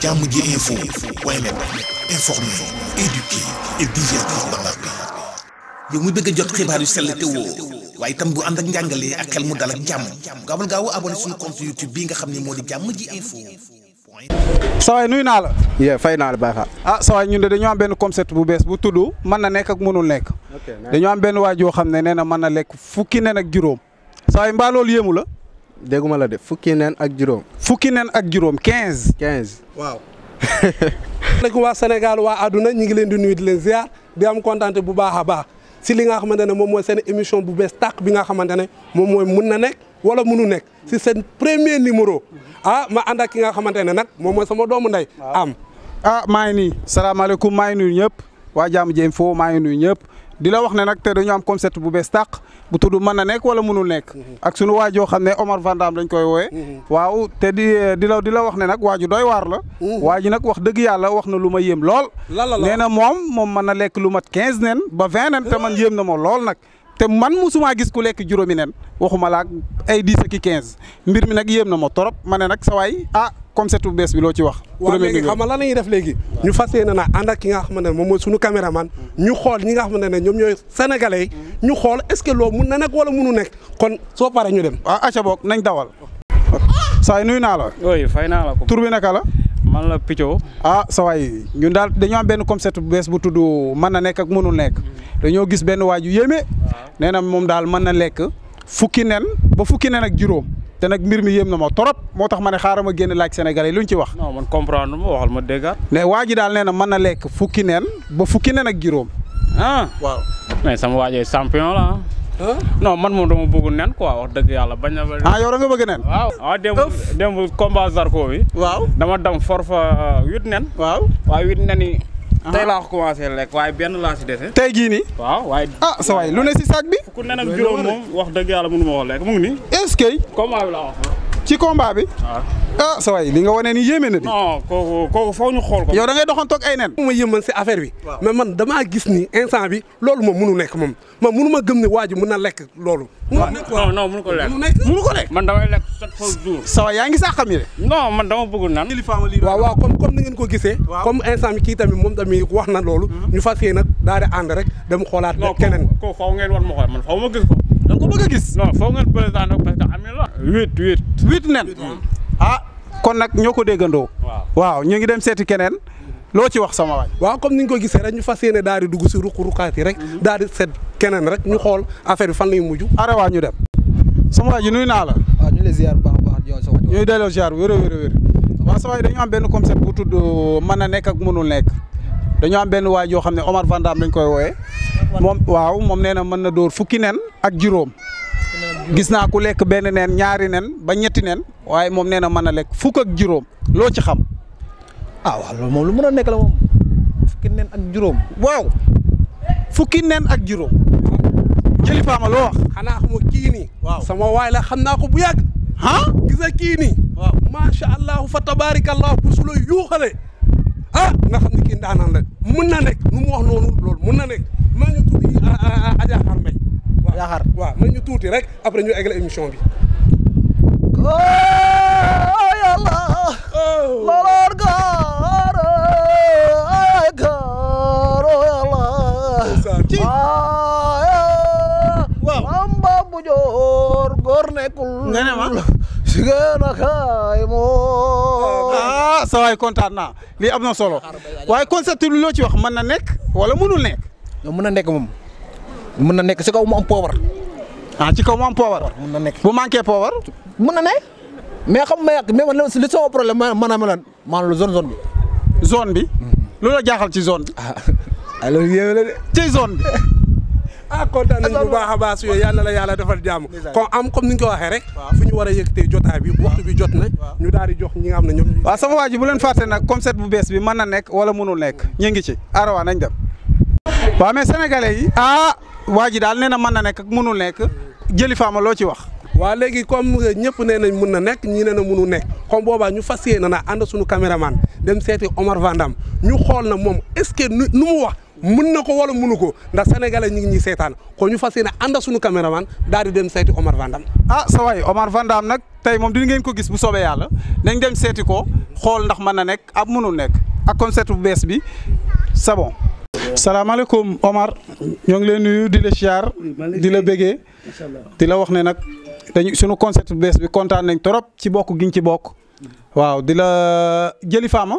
jàmm ji info waaye nag informer, éduquer et a jot xibaar yu sell te woo waaye itam bu ànd ak njàngalee ak xel mu dal ak jàmm gaawal gaaw abonné suñu bii nga xam ne moo di jàmm ji info. sawaay nuyu naa la. yee fay naa la baax ah sawaay ñun de dañoo am benn concept bu bees bu tudd mën na nekk ak mënul nekk. dañoo am benn waay joo xam ne nee na mën na lekk fukki nen ak juróom sawaay mbaa loolu yéemu la. dégguma la de fukki neen ak juróom. fukki neen ak juróom 15. quinze waaw. asalaamaaleykum waa Sénégal waa àdduna ñu ngi leen di nuyu di leen ziar di am kontaante bu baax a baax si li nga xamante ne moom mooy seen émission bu bees tàq bi nga xamante ne moom mooy mun na nekk wala munu nekk si seen premier numéro ah ma ànd ak ki nga xamante ne nag moom mooy sama doomu ndey am. ah maa ngi nii salaamaaleykum maa ngi nuyu ñëpp waa Jamm Ji Infos maa ngi nuyu ñëpp. di wax ne nag te dañu am concept bu bees tàq bu tudd mën na nekk wala mënul nekk. Mhm. ak sunu waajoo xam ne Omar Vandam lañ koy wooyee. Mhm. waaw te di di la di la wax ne nag waaju doy waar la. Mhm. waaju nag wax dëgg yàlla wax na lu ma yéem lool. nee na moom moom mën na lekk lu mat quinze nen ba vingt nen te man yéem na ma lool nag. te man mosumaa gis ku lekk juróomi nen waxuma laa ay dix ak quinze mbir mi nag yéem na ma torop ma ne nag sa waay ah comme setu bees bi loo ci wax. waaw léegi xam nga lan la def léegi. ñu fas yéene na ànd ak ki nga xamante ne moom mooy sunu man ñu xool ñi nga xamante ne ñoom ñooy sénégalais ñu xool est-ce que loo mun na nag wala munu nekk kon soo paree ñu dem. waaw ah, acca boog nañ dawal. saa yi nuyu naa la. oui fay naa la ko. tur bi naka la. man la Picco. ah sa waay ñun daal dañoo am benn concept bu bees bu tudd mën a nekk ak mënul nekk dañoo gis benn waaju ju yéeme. nee na moom daal mën na lekk fukki nen ba fukki nen ak juróom. te nag mbir mi yéem na ma trop moo tax ma ne xaaral ma génn laaj sénégalais lu ñu ci wax. non man comprendre ma waxal ma déggaat. mais waa ji daal nee na mën na lekk fukki nen ba fukki nen ak juróom. ah waaw mais sama waajee champion la ah. non man moom dama bëgg nen quoi wax dëgg yàlla bañ na. ah yow da nga bëgg nen. waaw ah démb démb combat Zarko bi. waaw dama dam forfa uh, huit nen. waaw waaye huit nen yi. Ah. tey laa ko commencé lekk waaye benn laa si dese. tey jii nii. waaw waaye. ah soo waay lu ne si saak bi. ku nen ak juróom moom wax dëgg yàlla mënu ma ko lekk mu ngi nii. est que. combat bi ci combat bi. ah, ah sa li nga wanee ni yéeme na di. non kooku kooku ñu xool ko. yow da ngay doxantoog ay nen. ma yëmbal si affaire bi. mais man damaa gis ni instant bi loolu moom munu nekk moom man munu ma gëm ne waa ji mun na lekk loolu. waaw non ko lekk munu ko lekk. man lekk sa waay yaa ngi saa xam ne. non man dama bëgg nan waaw waaw comme ni ngeen ko gisee. comme instant bi kii tamit moom tamit wax na loolu. Mm-hmm. ñu fas yéene nag daal rek dem xoolaat. keneen kooku faaw ngeen wan ma xool man faaw ma gis ko ko bëgg a gis. non foog ngeen présenté ko parce que am na la. nen. ah kon nag ñoo ko déggandoo. waaw ñu ngi dem seeti keneen. loo ci wax sama waay. waaw comme ni ñu ko gisee rek ñu fas yéene daal di dugg si ruq ruqaat rek. Mhm. daal di seet keneen rek ñu xool affaire bi fan yu mujj. arawaa ñu dem. sama waay ji nuyu naa la. ñu ngi lay a baax yow sama. ñuy delloo ziar wér a wér a sama waay dañu am benn concept bu tudd mën a nekk ak mënul nekk dañu am benn waay joo xam ne Omar Vandam lañ koy wooyee moom waaw moom nee na mën na dóor fukki nen ak juróom gis naa ku lekk benn nen ñaari nen ba ñetti nen waaye moom nee na mën na lekk fukk ak juróom loo ci xam. ah waaw loolu moom lu mën a nekk la moom fukki nen ak juróom. waaw fukki nen ak juróom. jëli loo wax. xanaa xamoo kii nii. waaw sama waay la xam naa ko bu yàgg. ah gis nga kii nii. waaw macha allah fa tabaarikallah pour su la yuuxalee ah nga xam ne kii ndaanaan la mën na nekk nu mu wax noonu loolu mën na nekk. maa ngi tuuti à Diakhar Mbaye. waaw Diakhar waaw mën ñu tuuti rek après ñu egg la émission bi. Oh, oh. oh, nga ne ma ah, ah sa waay kontaan naa lii am na solo waaye concept bi loo ci wax man na nekk wala mënul nekk. mën na nekk moom mën na nekk si kaw mu am poobar. ah ci kaw mu am poobar. mën na nekk bu manqué poobar. mun na ne mais xam ma yàgg mais man li sama problème maanaam lan maanaam zone zone bi. zone bi. loolu mhm. la jaaxal ci zone bi. Ah, ah loolu yéeme la de. ci zone ah kontaan nañu bu baax a baax yooyu yàlla la yàlla am comme ni ko waxee rek fu ñu war a yëg tey jotaay bi waxtu bi jot na ñu daal di jox ñi nga xam ne ñoom waaw sama waa ji bu leen fàtte nag concept bu bees bi mën na nekk wala mënul nekk ñu ngi ci arawa nañ dem waaw mais sénégalais yi ah waa ji daal nee na mën na nekk ak mënul nekk jëli faama loo ci wax. waa léegi comme ñëpp nee nañ mun na nekk ñii nee na munu nekk comme boobaa ñu fas yéene na ànd suñu caméraman dem seeti Omar Vandam ñu xool na moom est-ce que nu mu wax mun na ko wala munu ko ndax sénégalais ñu ngi ñuy seetaan ko ñu fas yéene ànd suñu caméraman daal di dem seeti Omar Vandam. a ah, sa Omar Vandam nag tey moom dina ngeen ko gis bu soobee yàlla nañ dem seeti ko xool ndax mën na nekk ab munul nekk ak concept bu bees bi sabon salaamaaleykum Omar ñoo ngi leen nuyu di la siyaar di la bégee di la wax ne nag dañu suñu concept bees bi kontaan nañ trop ci bokk giñ ci bokk waaw di la jëli faama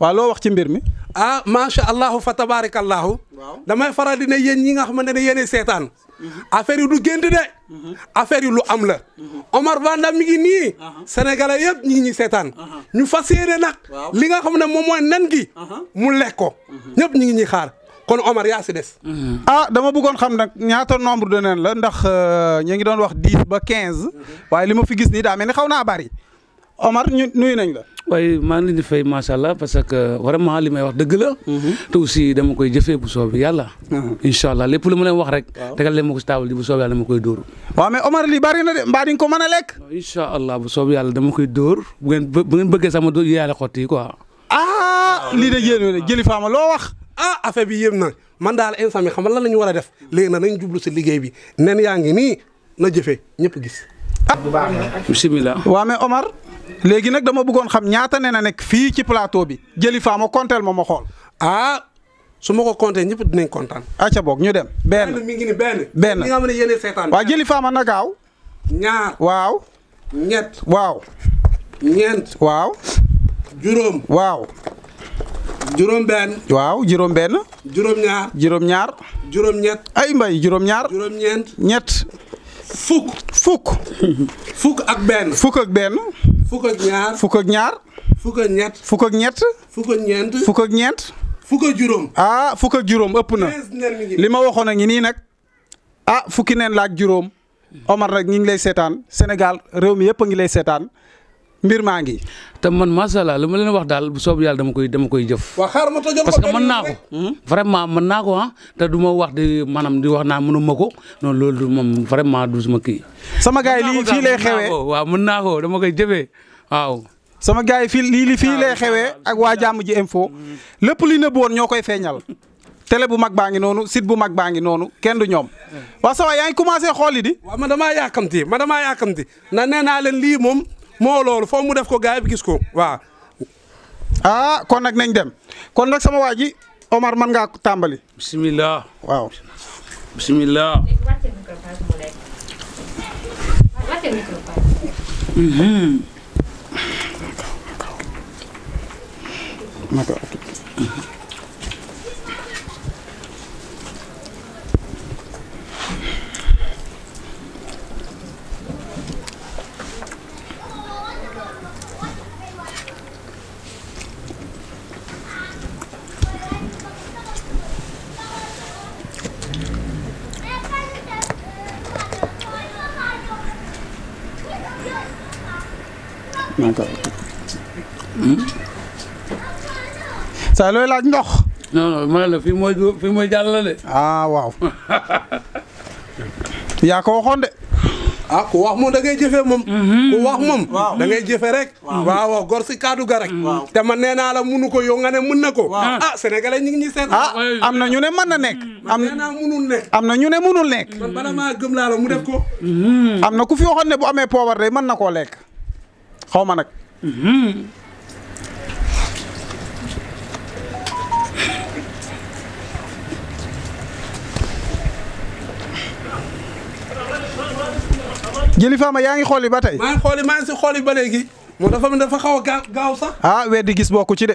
waaw loo wax ci mbir mi ah macha allahu fa tabarakallahu damay faral di ne yéen ñi nga xamante ne yéene seetaan mhm. affaire yi du gént de mhm. affaire yi lu am la mhm. Omar Ba Ndam mi ngi nii uh-huh. sénégalais yëpp ñi ngi ñuy seetaan uh-huh. ñu fas yéene nag li nga xam ne moom mooy nen gi uh-huh. mu lekk ko ñëpp ñi ngi ñuy xaar kon Omar yaa si des. Mm-hmm. ah dama bëggoon xam nag ñaata nombre de nen la ndax euh, ñu ngi doon wax dix ba quinze. Mm-hmm. waaye li ma fi gis nii daa mel ni xaw naa bari. Omar ñu nuyu nañ la. waaye maa ngi di fay macha allah parce que vraiment li may wax dëgg la. Mm-hmm. te aussi dama koy jëfee bu soobee yàlla. incha allah lépp lu ma leen wax rek. waaw tegal ko si taabal ji bu soobee koy dóor. waaw mais Omar lii bari na de mbaa ko mën a lekk. incha allah bu soobee yàlla dama koy dóor bu bu ngeen bëggee sax ma dóor yàlla xotti ko ah lii de yéen a faama loo wax. ah affaire bi yéem na man daal instant bi xam lan la ñu war a def léegi nag nañ jublu si liggéey bi nen yaa ngi nii na jëfe ñëpp gis. bisimilah. waa mais Omar léegi nag dama buggoon xam ñaata nen a nekk fii ci plateau bi jëli faa ma konteel moo ma xool. ah su ma ko compté ñëpp dinañ kontaan. acca boog ñu dem. benn benn mi ngi ni benn. benn li nga xam ne waa jëli faa ma na gaaw. ñaar waaw. ñett waaw. ñeent waaw. juróom waaw. juróom benn waaw juróom benn juróom ñaar juróom ñaar ay mbay juróom ñaar juróom ñeent ñett fukk ak benn fukk ak benn fukk ak ñaar fukk ak ñaar fukk ak ñett fukk ak ñett fukk ak ñeent fukk ak ñeent fukk ak juróom ah fukk ak juróom ëpp na li ma waxoon a ngi nii nag ah fukki nen laaj juróom Omar nag ngi lay seetaan Sénégal réew mi yëpp a ngi lay seetaan mbir maa ngi. te man macha allah lu ma leen wax daal bu soob yàlla dama koy dama koy jëf. waaw xaaral ma tojjoo ko parce que mën naa ko. Hmm? vraiment mën naa ko ah te du ma wax di maanaam di wax naa mënu ma ko non loolu du moom vraiment du ma kii. sama gars yi lii fii lay xewee waaw mën naa ko dama koy jëfee waaw. sama gars yi fii lii li fii lay xewee ak waa jàmm ji info hmm. lépp li nëbbu woon ñoo koy feeñal. télé bu mag baa ngi noonu site bu mag baa ngi noonu kenn du ñoom. Hmm. waaw sama yaa ngi commencé xool di. waaw man damaa yàkkamti man damaa yàkkamti na nee naa leen lii moom moo loolu foo mu def ko gaay bi gis ko waaw. ah kon nag nañ dem kon nag sama waa ji man ngaa tàmbali. bisimilah waaw. nañ ko. Hmm? saa looy laaj ndox. non non la fii mooy mooy jàllale. ah waaw. yaa ko waxoon de. ah ku wax moom da ngay jëfee moom. Mhm. ku wax moom. da ngay jëfee rek. waaw gor si kaddu ga rek. te man nee naa la munu ko yow nga ne mun na ko. ah sénégalais ñu ngi seet. ah am na ñu ne mën na nekk. Mm-hmm. am na munul nekk. am na ñu ne munul nekk. man bala maa gëm mu def ko. Mm-hmm. am na ku fi waxoon ne boo amee poobar de mën na koo lekk. xaw ma nag. jëli faama yaa ngi xooli ba tey. maa ngi xooli maa ngi si xooli ba léegi. moom dafa dafa xaw a gaaw gaaw sax. ah weddi gis bokku ci de.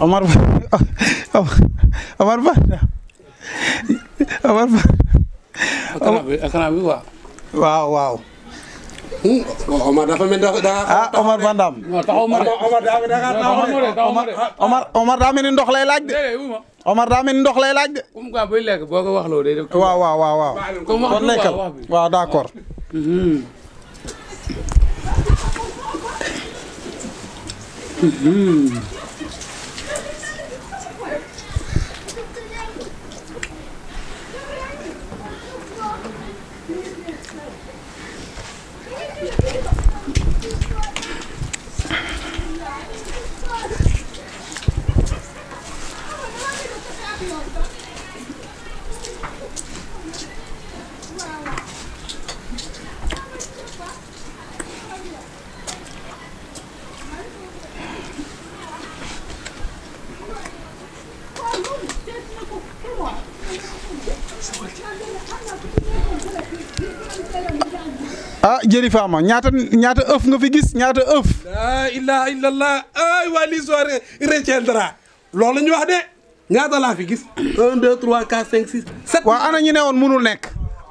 Omar Omar Omar Ba. Omar hmm? dafa ah, Omar Omar Omar Omar daa ndox lay laaj de. Omar daa mel ndox lay laaj de. comme wax waaw waaw waaw waaw. kon lekkal waaw d'accord. Hmm. Hmm. Thierry Fama ñaata ëf nga fi gis ñaata ëf. la ilaha illallah ay waa l'histoire retiendra loolu la ñu wax de ñaata la fi gis. 1 de 3 4 5 6 7. ana ñu ne woon mënul nekk.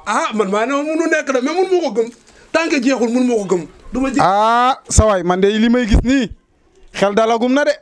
ah man maa ne woon mënul nekk de mais mun moo ko gëm tant que mun moo ko gëm. ma ah sawaay man de li may gis nii xel dalagum na de.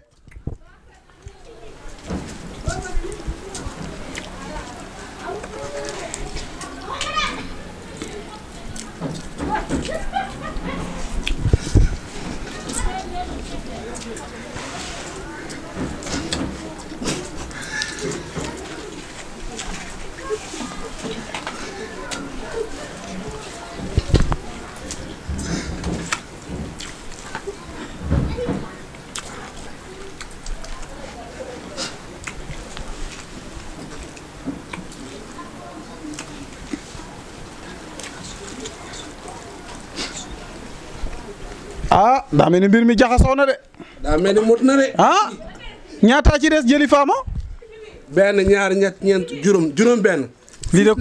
ah daa mel ni mbir mi jaxasoo na de. daa mel ni mut na de. ah ñaataa ci des jëli faama. benn ñaar ñett juróom juróom benn. lii de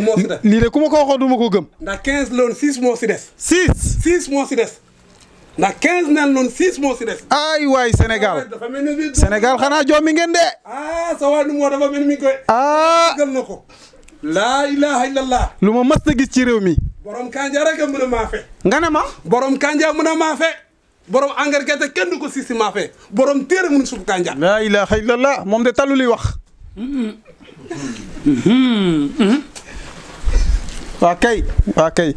moo si des lii de ku ma ko waxoon duma ko gëm. ndax 15 loon 6 moo si des. 6 6 moo si des. ndax quinze naan loon 6 moo si des. ay waay Sénégal ah, Sénégal xanaa joomi ngeen de. ah sa waa nu moo dafa mel ni mi ngi koy. ah gël na ko. lu ma mës gis ci réew mi. borom kanja rek a mën a maafe. nga ne ma. borom kanja mën maafe. borom engrais gerte kenn du ko si si maafe borom téere mun suuf kanja. laa ilaha illallah moom de talu li wax. Mm-hmm. waa kay waa kay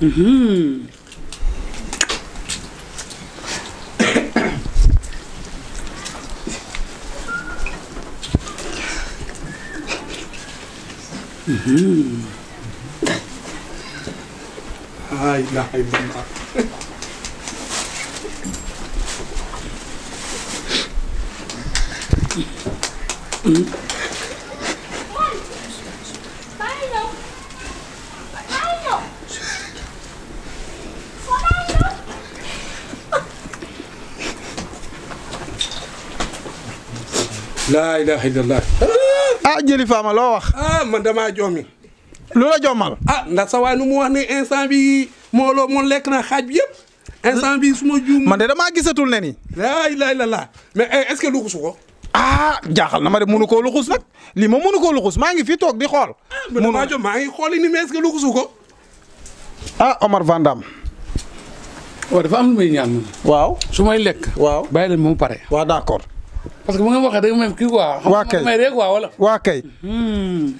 ay la ay bamba laa ilaha illallah. ah jëli faama loo wax. ah man damaa joomi. lu la jommal. ah ndax sa waay nu mu wax ne instant bi moo loo moom lekk na xaaj bi yëpp. instant bi su ma juum. man de damaa gisatul ne ni. laa ilaha illallah mais eh, est-ce que luxusu ko. ah na ma de munu koo luxus nag lii moom munu koo luxus maa ngi fi toog di xool. Ah, munu maa ngi xool ni mais est-ce que luxusu ko. ah Omar Vandam. waaw dafa am lu may ñaan. waaw su may lekk. waaw bay leen mu pare. waaw d'accord. parce que bu ngeen waxee da nga mel kii quoi. waa kay xam nga may rek waa wala. waa kay. Hmm.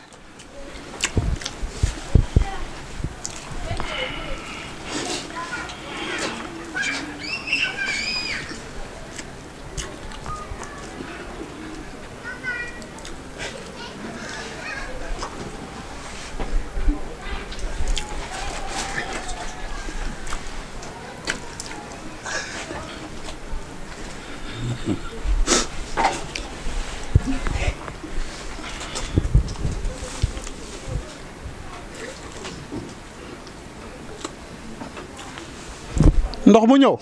ndox mu ñëw.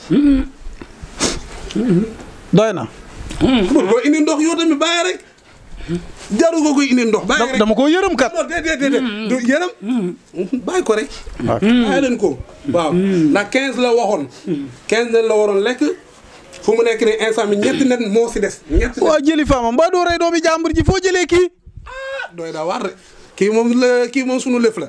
doy na. pour indi ndox yoo tamit bàyyi rek. jaru koy indi ndox. bàyyi rek dama koo yërëm kat. non déedéet déedéet ko rek. bàyyi leen ko. waaw ndax 15 la waxoon. 15 lañ la waroon lekk. fu mu nekk nii instant bi ñetti nen moo si des. ñetti nen waaw jëli faama mbaa doo rey doomi jàmbur ji foo jëlee kii. ah doy daa waar rek kii moom la kii moom sunu lëf la.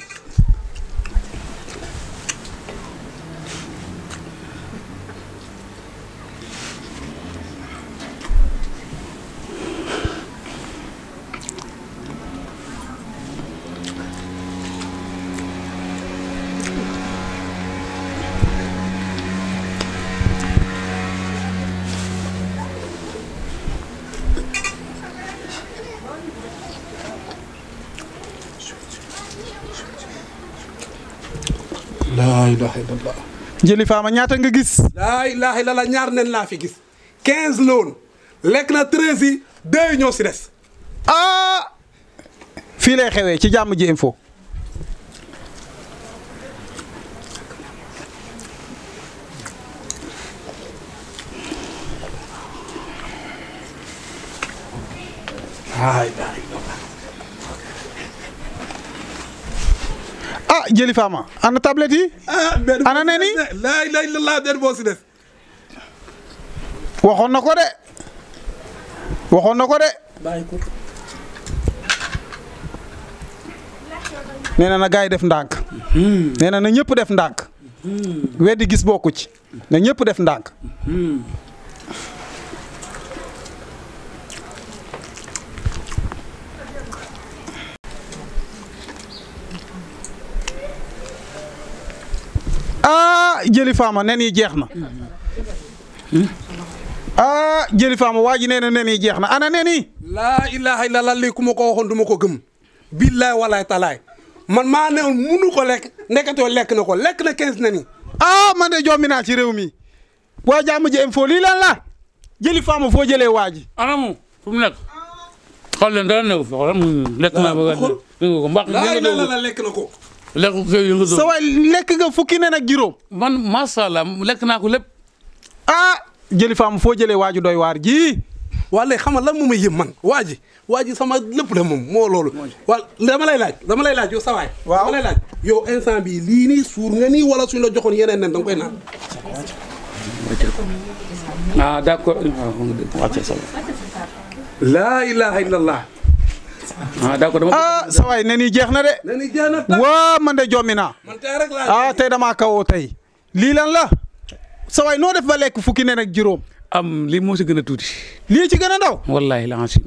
laa ilaha illallah. ñaata nga gis. laa ilaha illallah ñaar nen laa fi gis. 15 la woon lekk na 13 deux yi ñoo si des. ah. fii lay xewee ci jàmm ji info. Ah, jëli faama ana tablette yi. Ah, ana nen yi laa na ko de waxoon na ko de. nee na na gars yi def ndànk. Hmm. nee na na ñëpp def ndànk. Hmm. weddi gis bokku ci na ñëpp def ndànk. Hmm. jëli faama nen jeex na ah jëli faama waa ji nee na nen jeex na ana nen laa ilaha illallah lii ku ko waxoon duma ko gëm billaay walaay talaay man maa ne munu ko lekk ndeketoo lekk na ko lekk na quinze nen yi ah, man de jommi naa ci réew mi waa jàmm ji info lii lan jëli faama foo jëlee waa ji anamu fu mu nekk xool leen dara nekk fi xool lekk naa ba nga lekk na ko lekk ko lekk nga fukki nen ak juróom. man macha allah lekk naa ko lépp. ah jëli faam foo jëlee waaju doy waar ji. waa léegi xam nga lan moom a yëm man waa ji waa ji sama lépp la moom moo loolu. waa dama lay laaj dama lay laaj yow sa yow instant bii lii nii suur nga nii wala suñ la joxoon yeneen nen da nga koy naan. Ah, accord. Ah, laa ilaha illallah. ah d'accord dama ah sa waay nen yi jeex na de. nen yi jeex na waa man de jommi naa. man tey rek laa ah tey damaa lii la sa noo def ba lekk fukki nen ak juróom. am lii moo si gën a tuuti. lii ci gën a ndaw. wallaahi la ansi.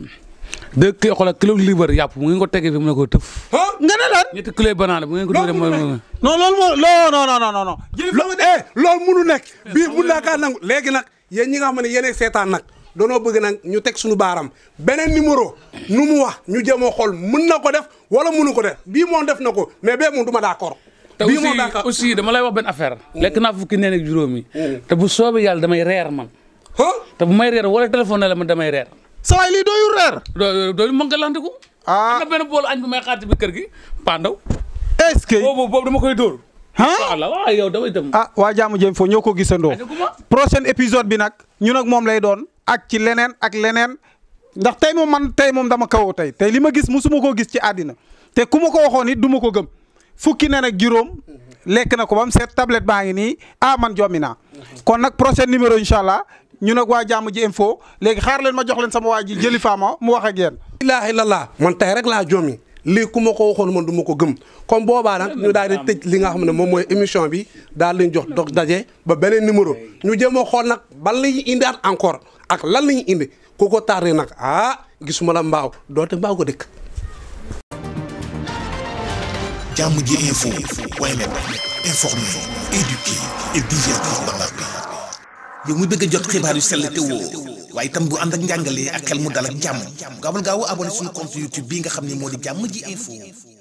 deux kilo xoolal kilo mu ngi ko tegee fi mu ne ko tëf. nga ne lan ñetti kilo banaan mu ngi ko doon mooy mooy. non loolu moo eh, munu nekk. bii mun naa kaa nangu léegi nag yéen ñi nga xam ne yéen seetaan nag danoo bëgg nag ñu teg suñu baaram beneen numéro nu mu wax ñu jéemoo xool mun na ko def wala mënu ko def bii moom def na ko mais bee moom du ma d'accord bii moom d'accord aussi dama lay wax benn affaire mm. lekk naa fukki neen ak juróomi mm. te bu soobee yàlla damay reer man te bu may reer wala téléphone la man damay reer sa waay lii dooyul reer dooyul mën nga lantiku ah. am na benn boolu bu may xaar ci kër gi pandaw est que boobu boobu dama koy dóor ah waa jaamu jëm foo ñëw ko gisandoo prochain épisode bi nag ñu nag moom lay doon ak ci leneen ak leneen ndax tey moom man tey moom dama kawo tey tey li ma gis musuma koo gis ci àddina te ku ma ko waxoon it du ma ko gëm fukki nen ak juróom lekk na ko bam seet tablet baa ngi nii ah man jommi naa kon nag prochain numéro incha allah ñu nag waa jàmm ji info léegi xaar leen ma jox leen sama waa ji jëli faama mu wax ak yéen ilaaha illallah man tey rek laa jommi lii ku ma ko waxoon man duma ko gëm comme boobaa nag ñu daal di tëj li nga xam ne moom mooy émission bi daal leen jox dog daje ba beneen numéro ñu jéem a xool nag ban la ñuy indiaat encore ak lan la ñu indi ku ko taaree nag ah gisuma la mbaaw doote mbaaw ko dëkk. jàmm ji info waaye nag informer, éduquer et divertir dans la paix. yow mi bëgg a jot xibaar yu sell te woo waaye itam bu ànd ak njàngalee ak xel mu dal ak jàmm gaawal gaaw abonné suñu compte YouTube bii nga xam ne moo di jàmm ji info.